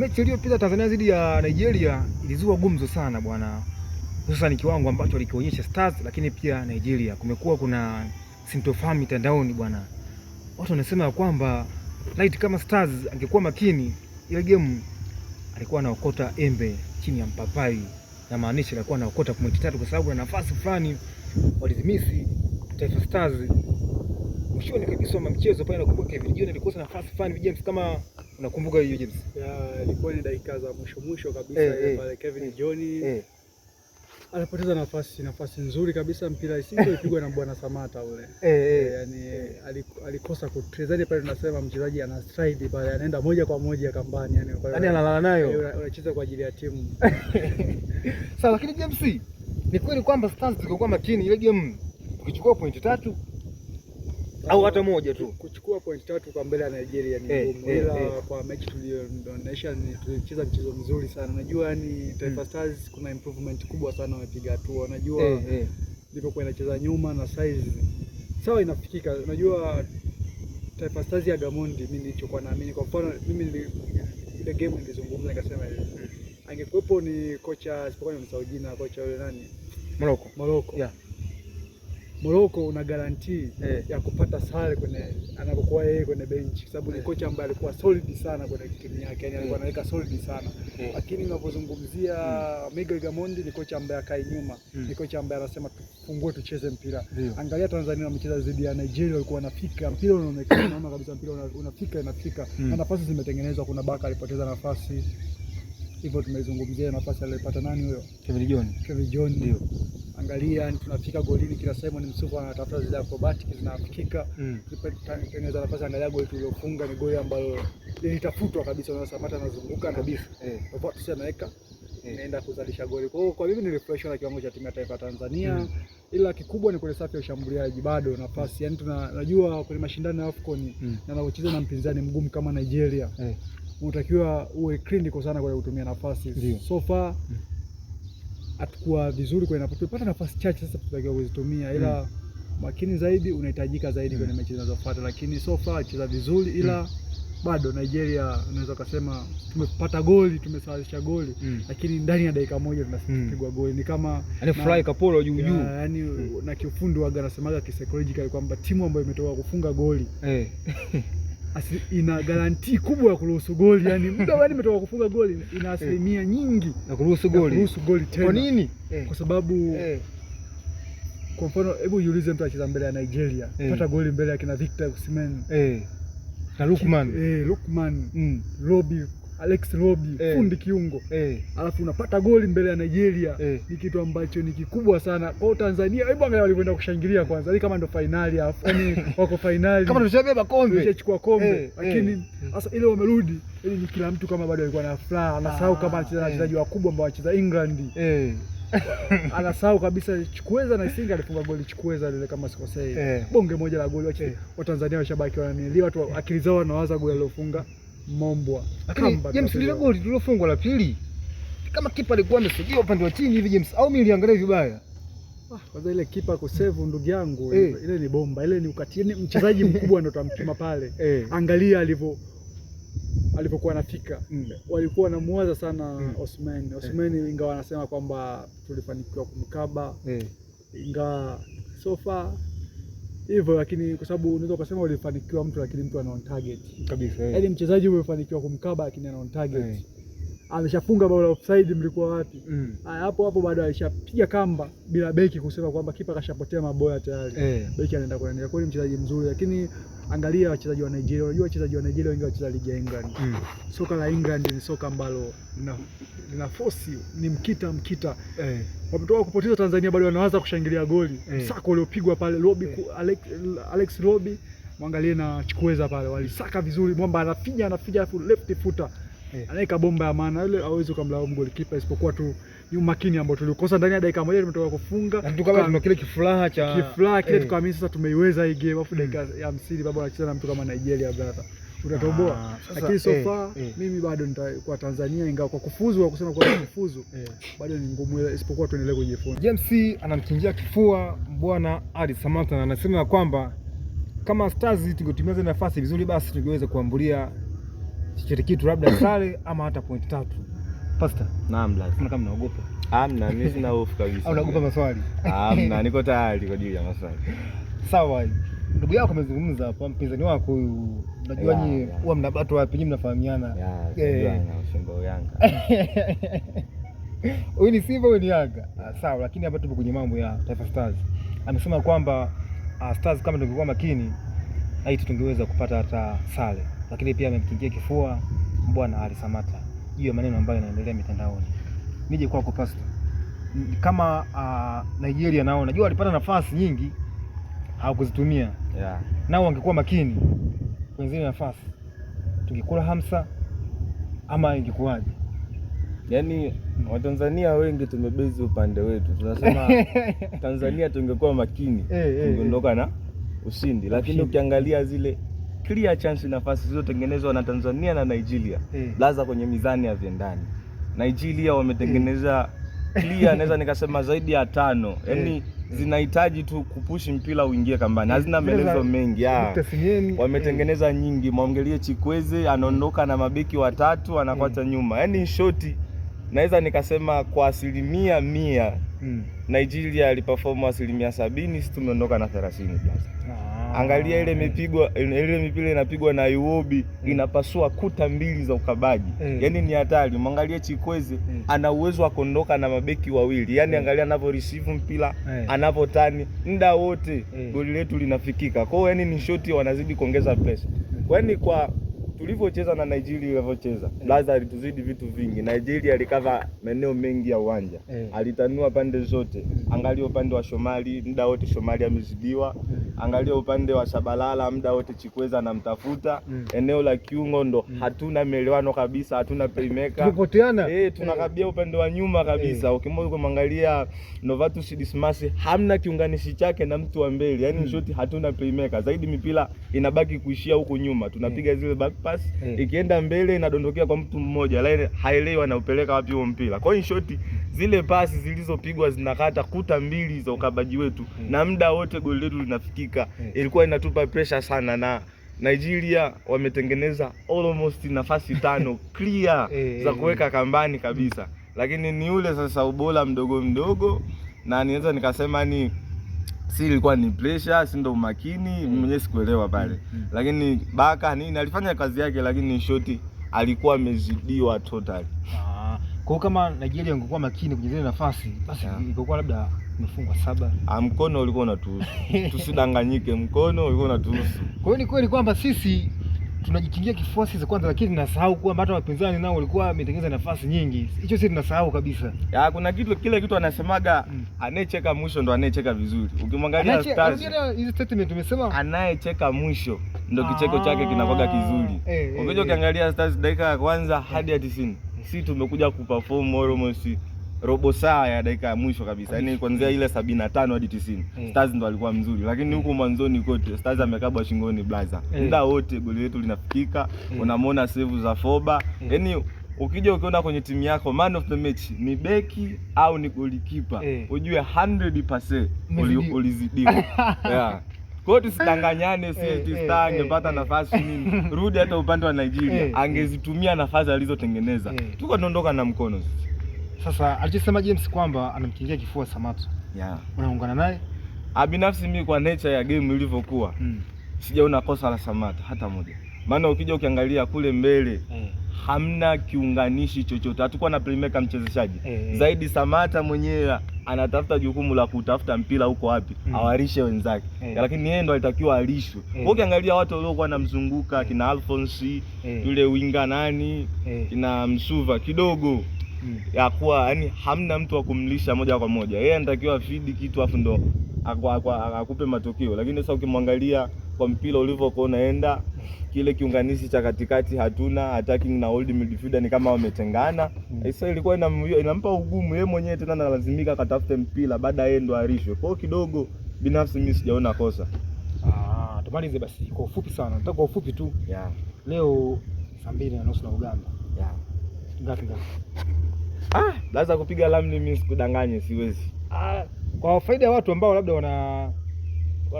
mechi iliyopita Tanzania dhidi ya Nigeria ilizua gumzo sana bwana, hususan kiwango ambacho alikionyesha Stars, lakini pia Nigeria. Kumekuwa kuna sintofahamu mitandaoni bwana, watu wanasema kwamba light kama Stars angekuwa makini ile game alikuwa anaokota embe chini ya mpapai, na maanisha alikuwa anaokota pointi tatu, kwa sababu na nafasi fulani walizimisi Taifa Stars mwishoni kabisa wa mchezo pale, na nakumbuka Kevin John alikosa nafasi fulani, James kama Unakumbuka hiyo James? Yeah, ilikuwa ni dakika za mwisho mwisho kabisa eh, eh, pale hey, hey, Kevin hey, eh, John hey. anapoteza nafasi nafasi nzuri kabisa, mpira isingepigwa na bwana Samata ule hey, hey, yani hey. Alikosa kutrezani pale, tunasema mchezaji ana stride pale, anaenda moja kwa moja kambani, yani kwa yani analala nayo, unacheza kwa ajili ya timu sasa. Lakini James, ni kweli kwamba Stars zilikuwa makini ile game, ukichukua pointi tatu au hata moja tu. Kuchukua point tatu kwa mbele ya Nigeria ni eh, ngumu, hey, eh, ila hey, eh. hey. Kwa mechi tulioonyesha tulicheza mchezo mzuri sana. Unajua ni Taifa mm. Stars hmm. kuna improvement kubwa sana wamepiga hatua, unajua hey, hey. ilipokuwa inacheza nyuma na size sawa inafikika, unajua Taifa Stars ya Gamondi, mimi nilichokuwa naamini, kwa mfano mimi ile game nilizungumza nikasema mm. angekuwepo ni kocha, isipokuwa nimemsahau jina, kocha yule nani Morocco, Morocco yeah Moroko una guarantee eh, ya kupata sare kwenye anapokuwa yeye kwenye benchi, sababu ni eh, kocha ambaye alikuwa solid sana kwenye timu yake, yani alikuwa eh. anaweka solid sana eh, lakini ninapozungumzia mm, Miguel Gamondi ni kocha ambaye akai nyuma mm, ni kocha ambaye anasema tufungue tucheze mpira yeah. Angalia Tanzania wamecheza dhidi ya Nigeria, walikuwa wanafika mpira unaonekana, unaona kabisa mpira unafika inafika mm, na nafasi zimetengenezwa, kuna Baka alipoteza nafasi hivyo, tumezungumzia nafasi aliyopata nani huyo Kevin John, Kevin John ndio angalia tunafika golini kila Simon Msufu anatafuta zile acrobatic zinafikika, mm. tengeneza mm. nafasi, angalia goli tuliofunga ni goli ambalo lilitafutwa kabisa, na Samata anazunguka kabisa eh, popote sasa anaweka eh, naenda kuzalisha goli. Kwa hiyo kwa mimi nilifurahishwa na kiwango cha timu ya taifa Tanzania mm. ila kikubwa ni kwenye safu ya ushambuliaji bado nafasi, yani tunajua kwenye mashindano ya AFCON mm. na anacheza na mpinzani mgumu kama Nigeria eh, unatakiwa uwe clean kwa sana kwa kutumia nafasi so far mm hatakuwa vizuri kwenye napopata nafasi chache, sasa tutakiwa kuzitumia, ila mm. makini zaidi unahitajika zaidi kwenye mm. mechi zinazofuata, lakini so far cheza vizuri, ila mm. bado Nigeria unaweza ukasema tumepata goli, tumesawazisha goli mm. lakini ndani ya dakika moja tunapigwa mm. goli ni kama yani fly kapolo juu juu yani mm. na kiufundi waga nasemaga kisaikolojikali kwamba timu ambayo imetoka kufunga goli hey. Eh. Asi, ina garantii kubwa ya kuruhusu goli yani, muda bado imetoka kufunga goli, ina asilimia nyingi ya kuruhusu goli, kuruhusu goli tena. Kwa nini? Eh. kwa eh. sababu eh. kwa mfano, hebu jiulize mtu acheza mbele ya Nigeria eh, pata goli mbele ya kina Victor Osimhen eh, na Lukman eh, Lukman mm, Robbie Alex Robi eh, fundi kiungo eh, alafu unapata goli mbele ya Nigeria eh, ni kitu ambacho ni kikubwa sana kwa Tanzania. Hebu angalia walivyoenda kushangilia kwanza, kama ndo finali fainali, yaani wako finali kama tumeshabeba kombe, tumeshachukua kombe, eh, eh. lakini eh. sasa ile wamerudi, ili ni kila mtu kama bado alikuwa na furaha, anasahau ah, kama eh. wachezaji wakubwa ambao wacheza England eh, anasahau kabisa Chukweza na Singa alifunga goli Chukweza lile kama sikosei, eh, bonge moja la goli eh, Watanzania washabaki wananielewa, watu akili zao wanawaza goli alilofunga Mombwa. Lakini James lile goli lilofungwa la pili kama kipa alikuwa amesogea upande wa chini hivi James, au mimi niliangalia vibaya? Ah, kwanza ile kipa kusevu ndugu yangu eh. Ile ni bomba, ile ni ukati, ni mchezaji mkubwa ndo tamtuma pale eh. Angalia alivyo alivyokuwa anafika mm. Walikuwa wanamuwaza sana mm. Osman eh. Osman hey. Ingawa wanasema kwamba tulifanikiwa kumkaba hey. Ingawa sofa hivyo, lakini kwa sababu unaweza ukasema ulifanikiwa mtu, lakini mtu ana on target kabisa, eh. yaani mchezaji umefanikiwa kumkaba, lakini ana on target. Eh ameshafunga bao la offside, mlikuwa wapi? mm. hapo hapo bado alishapiga kamba bila beki kusema kwamba kipa kashapotea maboya tayari eh. beki anaenda kuanania. Kweli mchezaji mzuri, lakini angalia wachezaji wa Nigeria. Unajua wachezaji wa Nigeria wengi wacheza ligi ya England mm. soka la England ni soka ambalo lina lina fosi, ni mkita mkita eh. wametoka kupoteza Tanzania, bado wanaanza kushangilia goli eh. msako uliopigwa pale Robi eh. Alex, Alex Robi mwangalie na Chikweza pale walisaka vizuri, mwamba anapiga anapiga, alafu left footer yeah. Anaweka bomba ya maana yule, hawezi kumlaumu goalkeeper isipokuwa tu ni umakini ambao tulikosa ndani ya dakika moja, tumetoka kufunga na tukama tuna kile kifuraha cha kifuraha kile eh. Tukaamini sasa tumeiweza hii game afu hmm. dakika ya 50 baba anacheza na mtu kama Nigeria brother utatoboa ah, lakini so eh, far eh. mimi bado nitakuwa Tanzania, ingawa kwa kufuzu au kusema kwa kufuzu eh, bado ni ngumu, isipokuwa tuendelee kujifunza. James anamchinjia kifua bwana Ali Samata na anasema kwamba kama Stars tungetimiza nafasi vizuri, basi tungeweza kuambulia chochote kitu, labda sare ama hata point tatu. Pasta, naam lazima. Kama kama naogopa. Amna, mimi sina hofu kabisa. Au naogopa maswali? Amna, niko tayari kwa ajili ya maswali. Sawa. Ndugu yako amezungumza hapa, mpinzani wako huyu, unajua nyinyi huwa mnabato wapi? Nyinyi mnafahamia eh. huyu ni Simba, huyu ni Yanga. Ah, sawa, lakini hapa tupo kwenye mambo ya Taifa Stars. Amesema kwamba uh, Stars kama tungekuwa makini haiti tungeweza kupata hata sare lakini pia amemkingia kifua mbwa na Ally Hiyo maneno ambayo yanaendelea mitandaoni. Nije kwako Pastor, kama uh, Nigeria nao najua walipata nafasi nyingi hawakuzitumia, yeah. Nao wangekuwa makini kwenye zile nafasi, tungekula hamsa ama ingekuwaje? Yaani Watanzania wengi tumebezi upande wetu, tunasema Tanzania tungekuwa makini, eh, eh, eh. tungeondoka na ushindi, lakini ukiangalia zile clear chance nafasi zilizotengenezwa na Tanzania na Nigeria hey. Eh. Laza kwenye mizani ya vyendani. Nigeria wametengeneza hey. clear naweza nikasema zaidi ya tano eh. yaani hey zinahitaji tu kupushi mpira uingie kambani, hazina eh. maelezo mengi. ya Wametengeneza nyingi, mwangalie Chikweze anaondoka na mabeki watatu anakwata mm. nyuma, yaani shoti, naweza nikasema kwa asilimia mia mm. Nigeria aliperform asilimia sabini, sisi tumeondoka na thelathini. Ah. Angalia ile mipigwa ile mipira inapigwa na Iwobi mm. inapasua kuta mbili za ukabaji mm. yaani ni hatari. Mwangalie chikwezi mm. ana uwezo wa kuondoka na mabeki wawili yaani mm. angalia anavyo receive mpira mm. anavotani muda wote mm. goli letu linafikika. Kwa hiyo yaani ni shoti wanazidi kuongeza press. Yaani mm. kwa tulivyocheza na Nigeria ilivyocheza blaza alituzidi vitu vingi. Nigeria alikava maeneo mengi ya uwanja hey. Eh. Alitanua pande zote, angalia upande wa Shomali muda wote Shomali amezidiwa, eh. angalia upande wa Shabalala muda wote Chikweza anamtafuta hmm. Eneo la kiungo ndo hmm. Hatuna melewano kabisa, hatuna playmaker tupoteana hey, tunakabia hey. Upande wa nyuma kabisa hey. Ukimoja kumwangalia Novatus Dismas hamna kiunganishi chake na mtu wa mbele yani hmm. Shoti hatuna playmaker zaidi, mipira inabaki kuishia huko nyuma tunapiga hey. zile back pasi mm. ikienda mbele inadondokea kwa mtu mmoja, lakini haelewi anaupeleka wapi huo mpira. Kwa hiyo shoti zile pasi zilizopigwa zinakata kuta mbili za ukabaji wetu mm. na muda wote goli letu linafikika mm. ilikuwa inatupa pressure sana na Nigeria wametengeneza almost nafasi tano clear eh, eh, za eh. kuweka kambani kabisa, hmm. lakini ni ule sasa ubora mdogo mdogo, na niweza nikasema ni si ilikuwa ni pressure, si ndo umakini mm. mwenyewe sikuelewa pale mm, mm. lakini baka nini alifanya kazi yake, lakini shoti alikuwa amezidiwa totally. Ah, kwa kama Nigeria ungekuwa makini kwenye zile nafasi basi yeah. ingekuwa labda umefungwa saba. Ah, mkono ulikuwa unatuhusu tusidanganyike, mkono ulikuwa unatuhusu. Kwa hiyo ni kweli kwamba sisi tunajikingia kifuasi za kwanza, lakini tunasahau kwamba hata wapinzani nao walikuwa wametengeneza nafasi nyingi. Hicho si tunasahau kabisa. Ya, kuna kitu kile kitu anasemaga mm, anayecheka mwisho ndo anayecheka vizuri. Ukimwangalia Stars hizo statement tumesema, anayecheka mwisho ndo kicheko ah. chake kinakuwa kizuri. Eh, eh, Ukija eh. ukiangalia Stars dakika ya kwanza hadi ya 90 sisi tumekuja kuperform almost robo saa ya dakika ya mwisho kabisa, yaani kuanzia ile sabini na tano hadi tisini mm. Stars ndo alikuwa mzuri, lakini huku mwanzoni kote Stars amekabwa shingoni blaza eh. muda mm. wote, goli letu linafikika mm. unamwona save za Foba yaani Ukija ukiona kwenye timu yako man of the match ni beki au ni golikipa eh, ujue 100% ulizidiwa yeah. Kwa hiyo tusidanganyane, si Star angepata nafasi nini, rudi hata upande wa Nigeria, angezitumia nafasi alizotengeneza, tuko tunaondoka na mkono. Sasa alichosema James kwamba anamkingia kifua Samatta. Yeah. Unaungana naye? Ah, binafsi mimi kwa nature ya game ilivyokuwa. Mm. Sijaona kosa la Samatta hata moja. Maana ukija ukiangalia kule mbele mm. hamna kiunganishi chochote. Hatakuwa na playmaker mchezeshaji. Mm. Zaidi Samatta mwenyewe anatafuta jukumu la kutafuta mpira huko wapi mm. awarishe wenzake mm. lakini yeye ndo alitakiwa alishwe mm. Ukiangalia watu waliokuwa wanamzunguka kina Alphonse mm. yule winga nani mm. kina Msuva kidogo mm. ya kuwa yani hamna mtu wa kumlisha moja kwa moja, yeye anatakiwa fidi kitu afu ndo akupe matokeo. Lakini sasa ukimwangalia kwa mpira ulivyokuwa unaenda, kile kiunganishi cha katikati hatuna, attacking na old midfielder ni kama wametengana. mm. Sasa ilikuwa inam, inampa ugumu yeye mwenyewe tena, analazimika akatafute mpira baada yeye ndo arishwe. Kwa kidogo binafsi mimi sijaona kosa. Ah, tumalize basi kwa ufupi sana, nataka kwa ufupi tu yeah. Leo saa mbili na nusu na Uganda yeah. ngapi ngapi? Ah, lazima kupiga ramli mimi sikudanganye siwezi. Ah, kwa faida ya watu ambao labda wana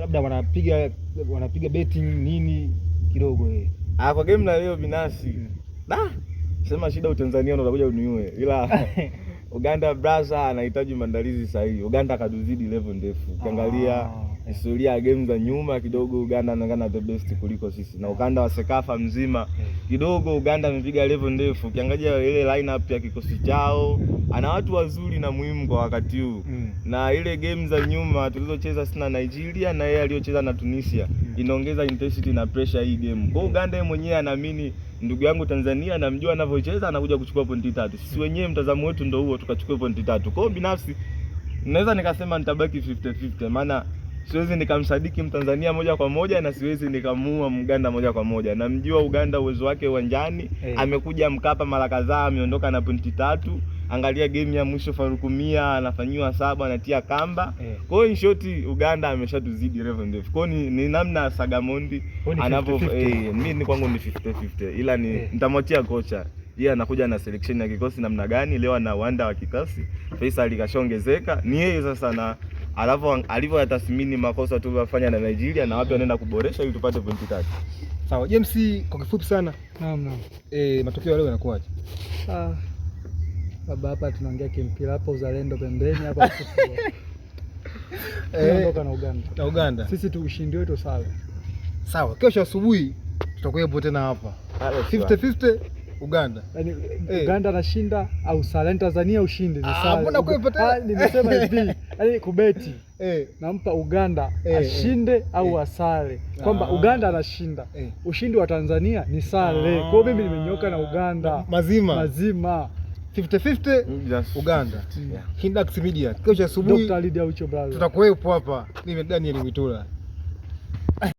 labda wanapiga wanapiga betting nini kidogo eh. Ah, kwa game na leo binafsi. Ah, sema shida Utanzania ndo uniue. Ila Uganda brasa anahitaji maandalizi sahihi. Uganda kaduzidi level ndefu. Ukiangalia ah historia ya game za nyuma kidogo Uganda inaonekana the best kuliko sisi na ukanda wa Sekafa mzima kidogo Uganda amepiga level ndefu. Ukiangalia ile lineup ya kikosi chao, ana watu wazuri na muhimu kwa wakati huu mm. na ile game za nyuma tulizocheza sisi na Nigeria na yeye aliyocheza na Tunisia mm. inaongeza intensity na pressure hii game kwa mm. Uganda. Yeye mwenyewe anaamini ndugu yangu Tanzania namjua anavyocheza, anakuja kuchukua pointi tatu. Sisi mm. wenyewe mtazamo wetu ndio huo, tukachukua pointi tatu. Kwa hiyo binafsi naweza nikasema nitabaki 50 50 maana siwezi nikamsadiki Mtanzania moja kwa moja na siwezi nikamuua Mganda moja kwa moja. Namjua Uganda uwezo wake uwanjani hey. Eh. Amekuja Mkapa mara kadhaa, ameondoka na pointi tatu. Angalia game ya mwisho Farukumia anafanyiwa saba, anatia kamba hey. Eh. Kwa hiyo in short Uganda ameshatuzidi Raven Dev. Kwa hiyo ni namna Sagamondi anavyo eh, mimi ni kwangu ni 50 50 ila ni hey. Eh. Nitamwachia kocha yeye yeah, anakuja na selection ya kikosi namna gani. Leo ana uwanda wa kikosi, Faisal kashongezeka, ni yeye sasa na alivyoyatathmini makosa tuliyofanya na Nigeria na wapi wanaenda kuboresha ili tupate pointi tatu. Sawa James, kwa kifupi sana. Naam, naam. Eh, matokeo leo yanakuwaje? Ah, baba hapa tunaongea kimpira, hapo uzalendo pembeni, hapa Eh, eh ndoka na Uganda na Uganda, sisi tu ushindi wetu. Sawa sawa, kesho asubuhi tutakuwepo tena hapa 50 50 Uganda yani, hey. Eh. Uganda anashinda au sare yani Tanzania ushindi ah, ah, nimesema hivi yani kubeti hey. Eh. nampa Uganda hey. Eh, ashinde hey. au asale. kwamba ah. Uganda anashinda hey. ushindi wa Tanzania ni sale. ah. kwa hiyo mimi nimenyoka na Uganda Na, mazima mazima 50-50 Uganda yeah. Kindax Media kesho asubuhi Dr. tutakuwepo hapa. Mimi Daniel Mitula.